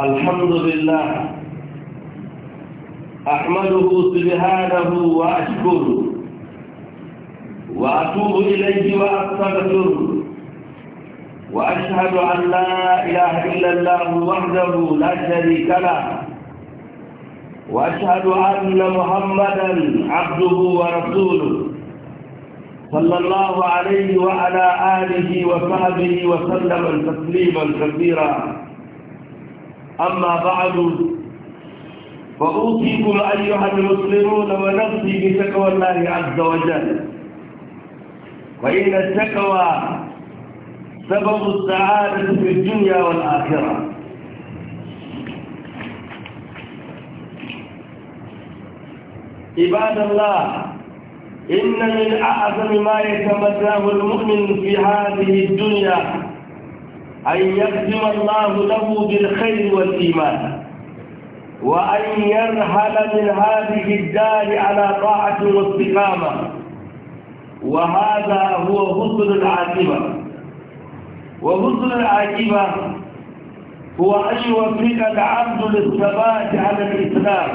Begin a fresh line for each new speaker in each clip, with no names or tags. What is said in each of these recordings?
الحمد لله أحمده سبحانه وأشكره وأتوب إليه وأستغفره وأشهد أن لا إله إلا الله وحده لا شريك له وأشهد أن محمدا عبده ورسوله صلى الله عليه وعلى آله وصحبه وسلم تسليما كثيرا أما بعد فأوصيكم أيها المسلمون ونفسي بتقوى الله عز وجل فإن التقوى سبب السعادة في الدنيا والآخرة عباد الله إن من أعظم ما يتمتعه المؤمن في هذه الدنيا أن يختم الله له بالخير والإيمان وأن يرحل من هذه الدار على طاعة واستقامة وهذا هو حسن العاقبة وحسن العاقبة هو أن يوفق العبد للثبات على الإسلام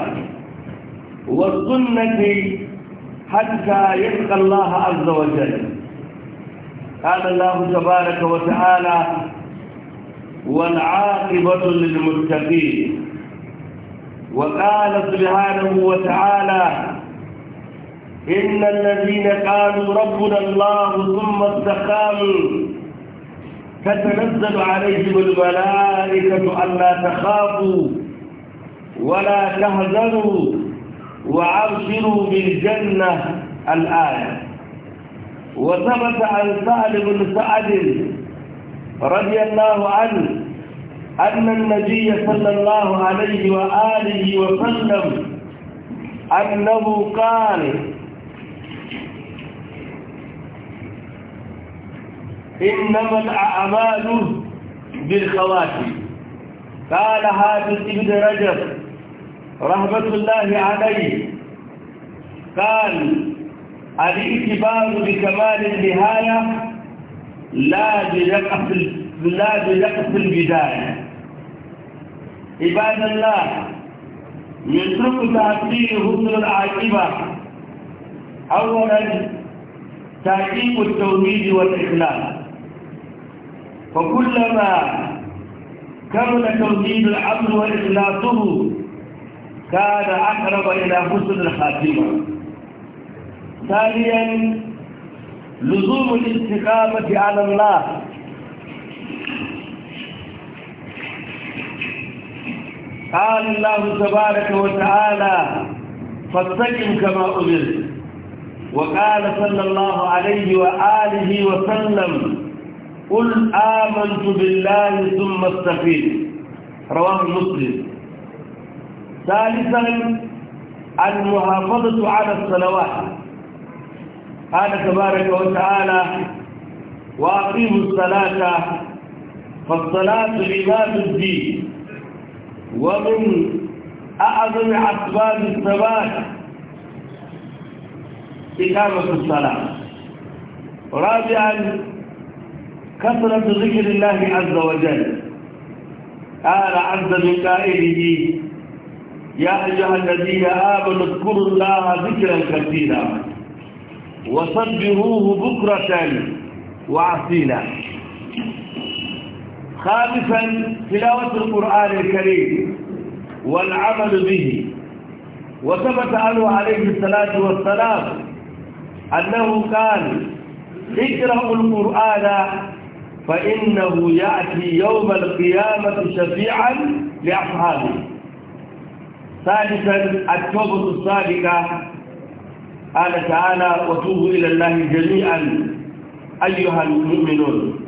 والسنة حتى يلقى الله عز وجل قال الله تبارك وتعالى والعاقبة للمتقين وقال سبحانه وتعالى إن الذين قالوا ربنا الله ثم استقاموا تتنزل عليهم الملائكة ألا تخافوا ولا تهزنوا وأبشروا بالجنة الآية وثبت عن سهل بن سعد رضي الله عنه أن النبي صلى الله عليه وآله وسلم أنه قال إنما الأعمال بالخواتم قال هذا ابن رجب رحمة الله عليه قال الاعتبار بكمال النهاية لا بلقص لا البداية عباد الله يترك تأثير حسن العاقبة أولا تعقيب التوحيد والإخلاص فكلما كمل توحيد العبد وإخلاصه كان أقرب إلى حسن الخاتمة ثانيا لزوم الاستقامة على الله قال الله تبارك وتعالى فاستقم كما أمرت وقال صلى الله عليه وآله وسلم قل آمنت بالله ثم استقيم رواه مسلم ثالثا المحافظة على الصلوات قال تبارك وتعالى وأقيموا الصلاة فالصلاة عباد الدين ومن أعظم أسباب الثبات إقامة الصلاة رابعا كثرة ذكر الله عز وجل قال عز من قائله يا أيها الذين آمنوا اذكروا الله ذكرا كثيرا وصبروه بكرة وعصيلا خامسا تلاوة القرآن الكريم والعمل به وثبت عنه عليه الصلاة والسلام أنه قال اقرأوا القرآن فإنه يأتي يوم القيامة شفيعا لأصحابه ثالثا التوبة الصادقة قال تعالى وتوبوا إلى الله جميعا أيها المؤمنون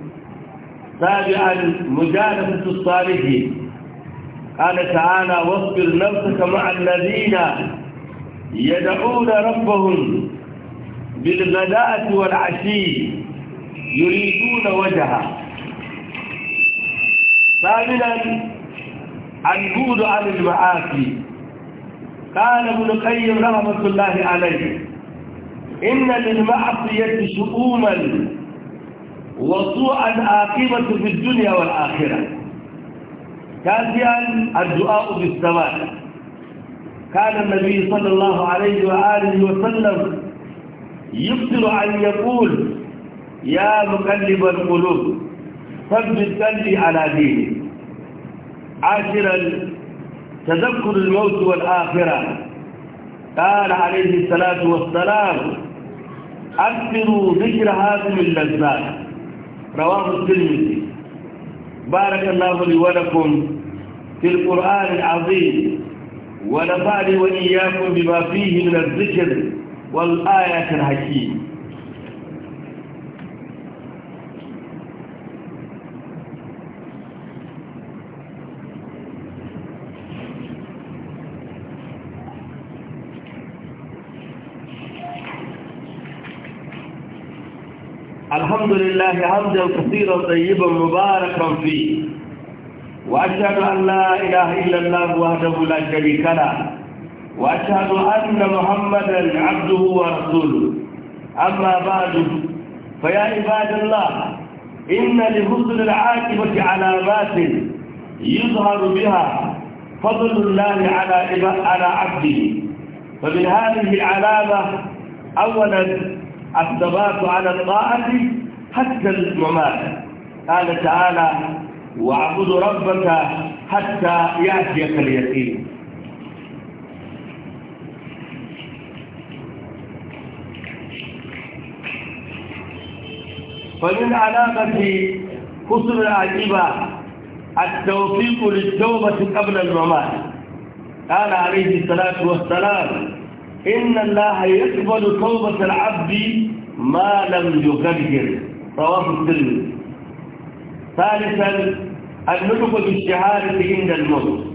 سابعا مجالسة الصالحين قال تعالى واصبر نفسك مع الذين يدعون ربهم بالغداة والعشي يريدون وجهه ثامنا البعد عن المعاصي قال ابن القيم رحمة الله عليه إن للمعصية شؤوما وضوء العاقبة في الدنيا والآخرة ثالثا الدعاء بالثبات كان النبي صلى الله عليه وآله وسلم يقدر أن يقول يا مقلب القلوب ثبت قلبي على دينك عاشرا تذكر الموت والآخرة قال عليه الصلاة والسلام أكثروا ذكر هذه اللذات رواه الترمذي بارك الله لي ولكم في القرآن العظيم ونفعني وإياكم بما فيه من الذكر والآيات الحكيمه الحمد لله حمدا كثيرا طيبا مباركا فيه وأشهد أن لا إله إلا الله وحده لا شريك له وأشهد أن محمدا عبده ورسوله أما بعد فيا عباد الله إن لحسن العاقبة علامات يظهر بها فضل الله على على عبده فمن هذه العلامة أولا الثبات على الطاعة حتى الممات قال تعالى واعبد ربك حتى يأتيك اليقين فمن علامة حسن العجيبة التوفيق للتوبة قبل الممات قال عليه الصلاة والسلام إن الله يقبل توبة العبد ما لم يغير رواه الترمذي ثالثا النطق بالشهادة عند الموت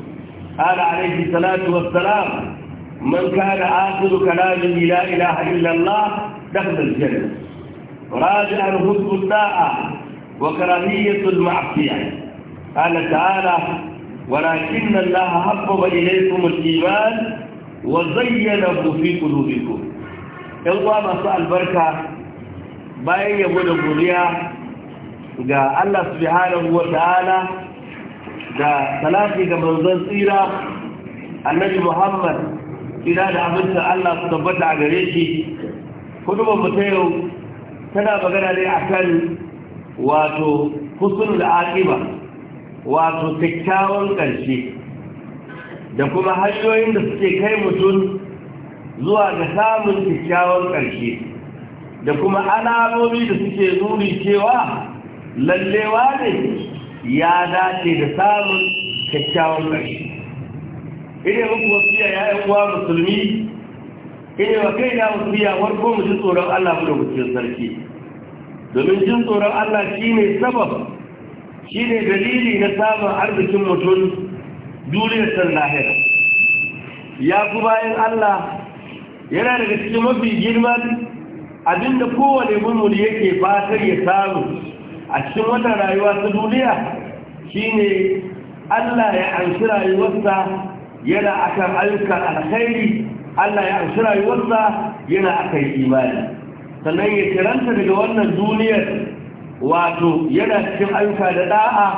قال عليه الصلاة والسلام من كان آخر كلام لا إله إلا الله دخل الجنة راجع حب الداء وكراهية المعصية قال تعالى ولكن الله حبب إليكم الإيمان وزينه في قلوبكم الله ما سأل بركة bayan yabo da godiya ga Allah subhanahu wa ta'ala da salati ga manzon tsira annabi Muhammad tsira da abinci Allah su tabbata a gare shi kudubar mu ta tana magana ne akan wato husnul aqiba wato kyakkyawan ƙarshe da kuma hanyoyin da suke kai mutum zuwa ga samun kyakkyawan ƙarshe da kuma alamomi da suke nuni cewa lallewa ne ya dace da samun kyakkyawan ƙarshe ina muku wasiya ya yi uwa musulmi ina wa kai na wasiya warko mu ji tsoron Allah mu da mutum sarki domin jin tsoron Allah shine sabab shine dalili na samun arzikin mutum duniyar san lahira ya ku bayan Allah yana daga cikin mafi girman abinda kowane mummuni yake fatar ya samu a cikin wata rayuwa ta duniya shine Allah ya anshi rayuwarsa yana akan ayyukan alkhairi Allah ya anshi rayuwarsa yana akan imani sannan ya kiranta daga wannan duniyar wato yana cikin ayyuka da da'a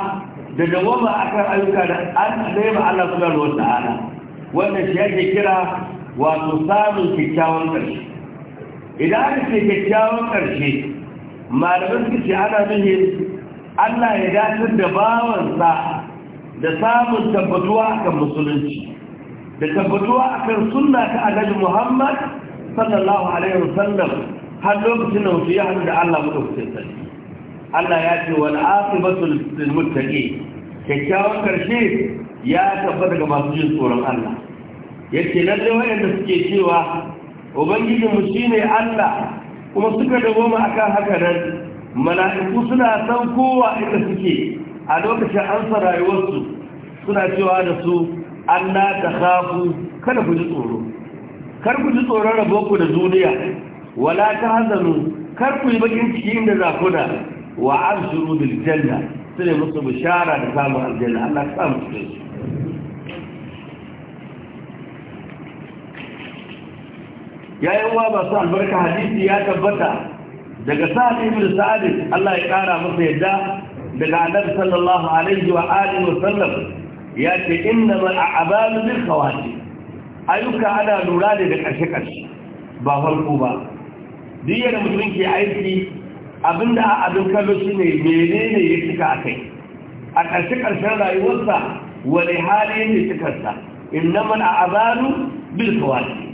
da dawama akan ayyuka da an zai ba Allah subhanahu wa ta'ala wannan shi yake kira wato samun kyakkyawan ƙarshe idan aka kyakkyawan ƙarshe malaman ce ana nuhin allah ya dace da bawansa da samun tabbatuwa akan musulunci da tabbatuwa akan sunna ta annabi muhammad sallallahu alaihi wasallam har lokacin da mutu ya da allah mutum sarki allah ya ce wal aqibatul lil muttaqin kyakkyawan ƙarshe ya tabbata ga masu jin tsoron allah yake lalle wayanda suke cewa ubangijinmu shi ne allah kuma suka dagoma mu akan haka nan mala'iku suna san kowa inda suke a lokacin ansa rayuwarsu suna cewa da su allah ta hafu kada ku ji tsoro kar ku ji tsoron raboku da duniya wala ta hanzanu kar ku yi bakin ciki inda za da wa an shuru biljanna su ne musu bishara da samun aljanna allah ta samu cikin su yayin wa ba su albarka hadisi ya tabbata daga sa'ad ibn sa'ad Allah ya kara masa yadda daga annabi sallallahu alaihi wa alihi wa sallam ya ce inna ma a'abalu bil khawati ayyuka ana lura da karshe karshe ba farko ba diyar mutum ke aiki abinda a abin kallo shine menene ya cika kai a karshe karshen rayuwarsa wani hali ne cikarsa inna mal bil khawati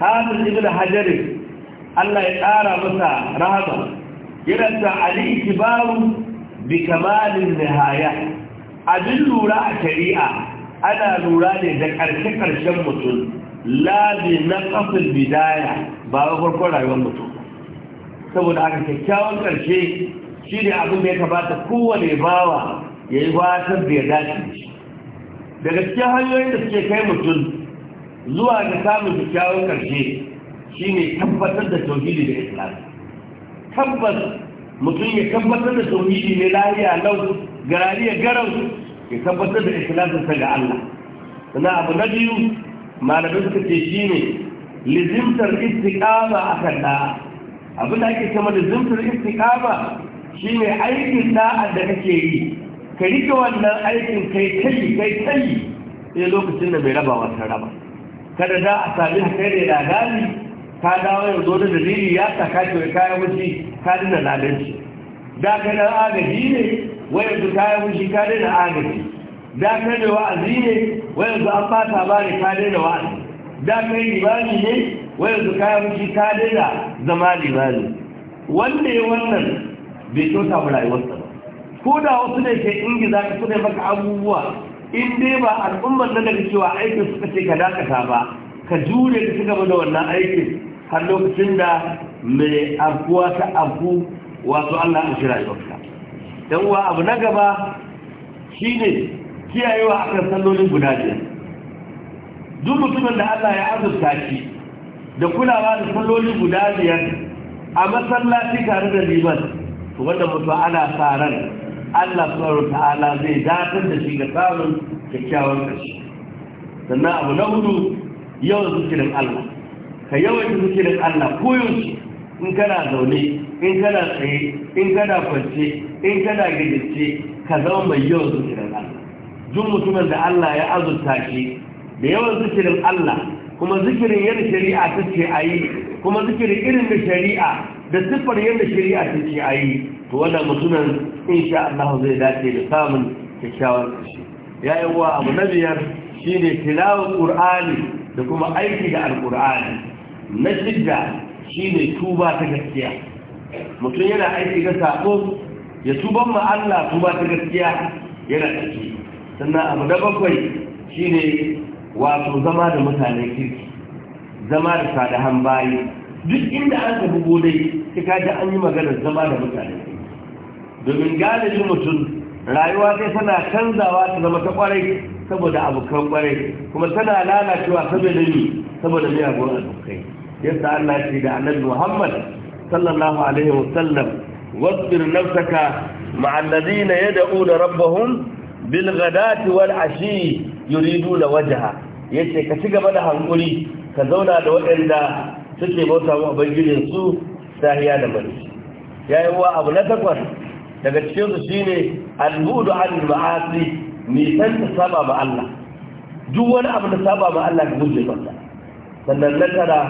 hafiz ibn hajari Allah ya tsara masa rahama yana Ali al-ikbaru bi kamalin nihaya abin lura a shari'a ana lura ne da ƙarshe ƙarshen mutum Ladi na ƙafin bidaya ba wa rayuwar mutum saboda aka kyakkyawan ƙarshe shi ne abin da ya kamata kowane bawa ya yi wasan da ya dace daga cikin hanyoyin da suke kai mutum zuwa ga samun kyakkyawan karshe ne tabbatar da tauhidi da islam tabbas mutum ya tabbatar da tauhidi ne lahiya lau garariya garau ya tabbatar da ikhlasinsa ga Allah sannan abu na biyu malamai suka ce ne. lizimtar a kan da Abu da ake cewa lizimtar shi ne aikin da'a da kake yi ka rike wannan aikin kai kai kai kai sai lokacin da bai raba wata raba kada za a sami kai da ladani ka dawo yanzu da dalili ya saka ce kayan wuce ka dina ladanci da ka na agaji ne wai su kayan wuce ka dina agaji da ka ne wa'azi ne wai yanzu an fata ba ne ka dina wa'azi da ka yi limani ne wai yanzu kayan wuce ka dina zama limani wanda ya wannan bai kyauta mu rayuwarsa ba ko da wasu ne ke ingiza ka su ne maka abubuwa in dai ba al'ummar da daga cewa aikin suka ce ka dakata ba ka jure ka cigaba da wannan aikin har lokacin da mai abuwa ta abu wato Allah a shira yauka Don uwa abu na gaba shi ne kiyayewa kan sallolin guda biyar duk mutumin da Allah ya azurta shi da kulawa da salloli guda biyar a masallaci tare da liman to wanda mutum ana tsaron. Allah subhanahu ta'ala zai datar da shi ga samun kyakkyawar ƙarshe sannan abu na hudu yawan zikirin Allah ka yawan zikirin Allah koyaushe in kana zaune in kana tsaye in kana kwance in kana gidance, ka zama mai yawan zikirin Allah Jun mutumin da Allah ya azurta shi da yawan zikirin Allah kuma zikirin yadda shari'a ta ce a yi kuma zikirin irin da shari'a da siffar yadda shari'a ta ce a yi to wannan mutumin insha Allah zai dace da samun kyakkyawar ƙarshe ya yi wa abu na biyar shi ne tilawar ƙur'ani da kuma aiki da alƙur'ani na shidda shi ne tuba ta gaskiya mutum yana aiki ga sako ya tuban ma Allah tuba ta gaskiya yana ɗauki sannan abu na bakwai shi ne wato zama da mutane kirki zama da sadahan bayi duk inda an ka bugo dai sai kaji an yi maganar zama da mutane. kirki domin galibin mutum rayuwa sai tana canzawa ta zama ta kwarai saboda abokan kwarai kuma tana lalacewa saboda ni saboda miyagun abokai yadda Allah ce da annabi Muhammad sallallahu alaihi wasallam wasbir nafsaka ma'al ladina da rabbahum bil ghadati wal ashi yuriduna wajha yace ka ci gaba da hankuri ka zauna da waɗanda suke bauta wa ubangijin su sahiya da bari yayi wa abu na takwas daga cikinsu su shine al-budu an ma'asi ni ta saba ma Allah duk wani abu da saba ma Allah ka guje masa sannan na tara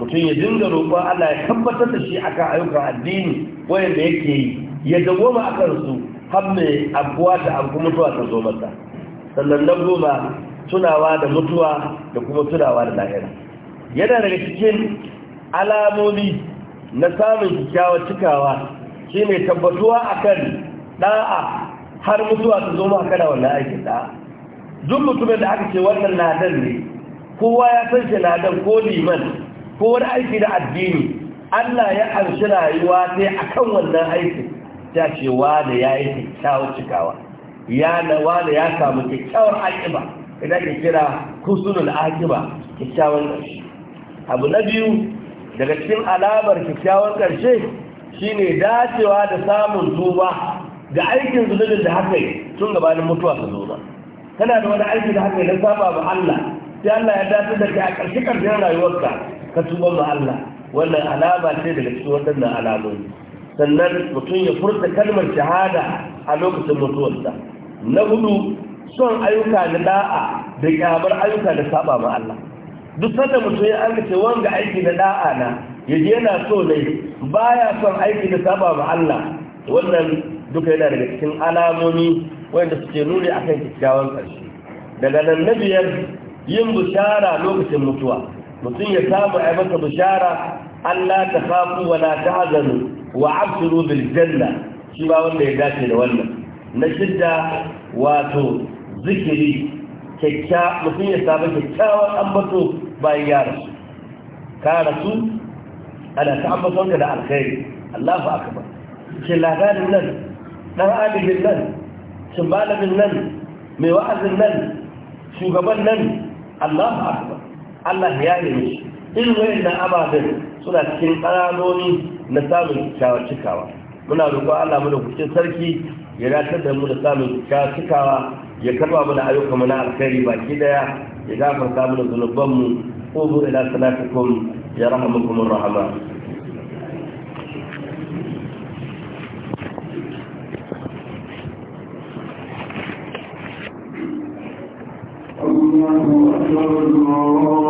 mutum ya dinga roƙon Allah ya tabbatar da shi akan ayyukan addini da yake yi ya dawoma akan su har mai abuwa ta abu mutuwa ta zo masa sannan na goma tunawa da mutuwa da kuma tunawa da lahira yana daga cikin alamomi na samun kyakkyawar cikawa shi ne tabbatuwa a kan ɗa'a har mutuwa ta zo maka da wannan aikin ɗa'a duk mutumin da aka ce wannan nadar ne kowa ya san shi ladan ko liman ko wani aiki da addini Allah ya amshi rayuwa sai akan wannan aikin ta ce da ya yi kyakkyawar cikawa ya nawa da ya samu kyakkyawar akiba idan ke kira kusurul akiba kyakkyawar ƙarshe abu na biyu daga cikin alamar kyakkyawar ƙarshe shine dacewa da samun tuba ga aikin zunubin da haka yi tun gabanin mutuwa su zo ba kana da wani aiki da haka yi don saba ba Allah sai Allah ya dace da ke a ƙarshe ƙarshen rayuwarka ka tuba ba Allah wannan alama ce daga cikin waɗannan alamomi sannan mutum ya furta kalmar shahada a lokacin mutuwarsa na hudu son ayyuka na da'a da kyamar ayyuka da saba ma Allah duk sanda mutum ya an ce wanga aiki na da'a na yaje yana so ne baya son aiki da saba ba Allah wannan duka yana daga cikin alamomi wanda suke nuni akan kyakkyawan karshe daga nan na biyar yin bishara lokacin mutuwa mutum ya samu a masa bishara Allah ta samu wa ta wa abshiru bil janna shi ba wanda ya dace da wannan na shidda wato zikiri kyakkya mutum ya samu kyakkyawan ambato bayan ya rasu ka rasu ana ta ambaton da alkhairi Allahu akbar shi labarin nan dan adibin nan shi nan mai wa'azin nan shugaban nan Allahu akbar Allah ya yi shi irin da ababen suna cikin ƙananoni na samun kyawar cikawa muna roƙon Allah mu da kucin sarki ya ratar da mu da samun kyawar cikawa ya karba mana ayyuka na alkhairi baki daya ya gafarta mana zunubanmu ko ila salatukum Ya Rahmatullahi Rahman Allahu Akbar Allahu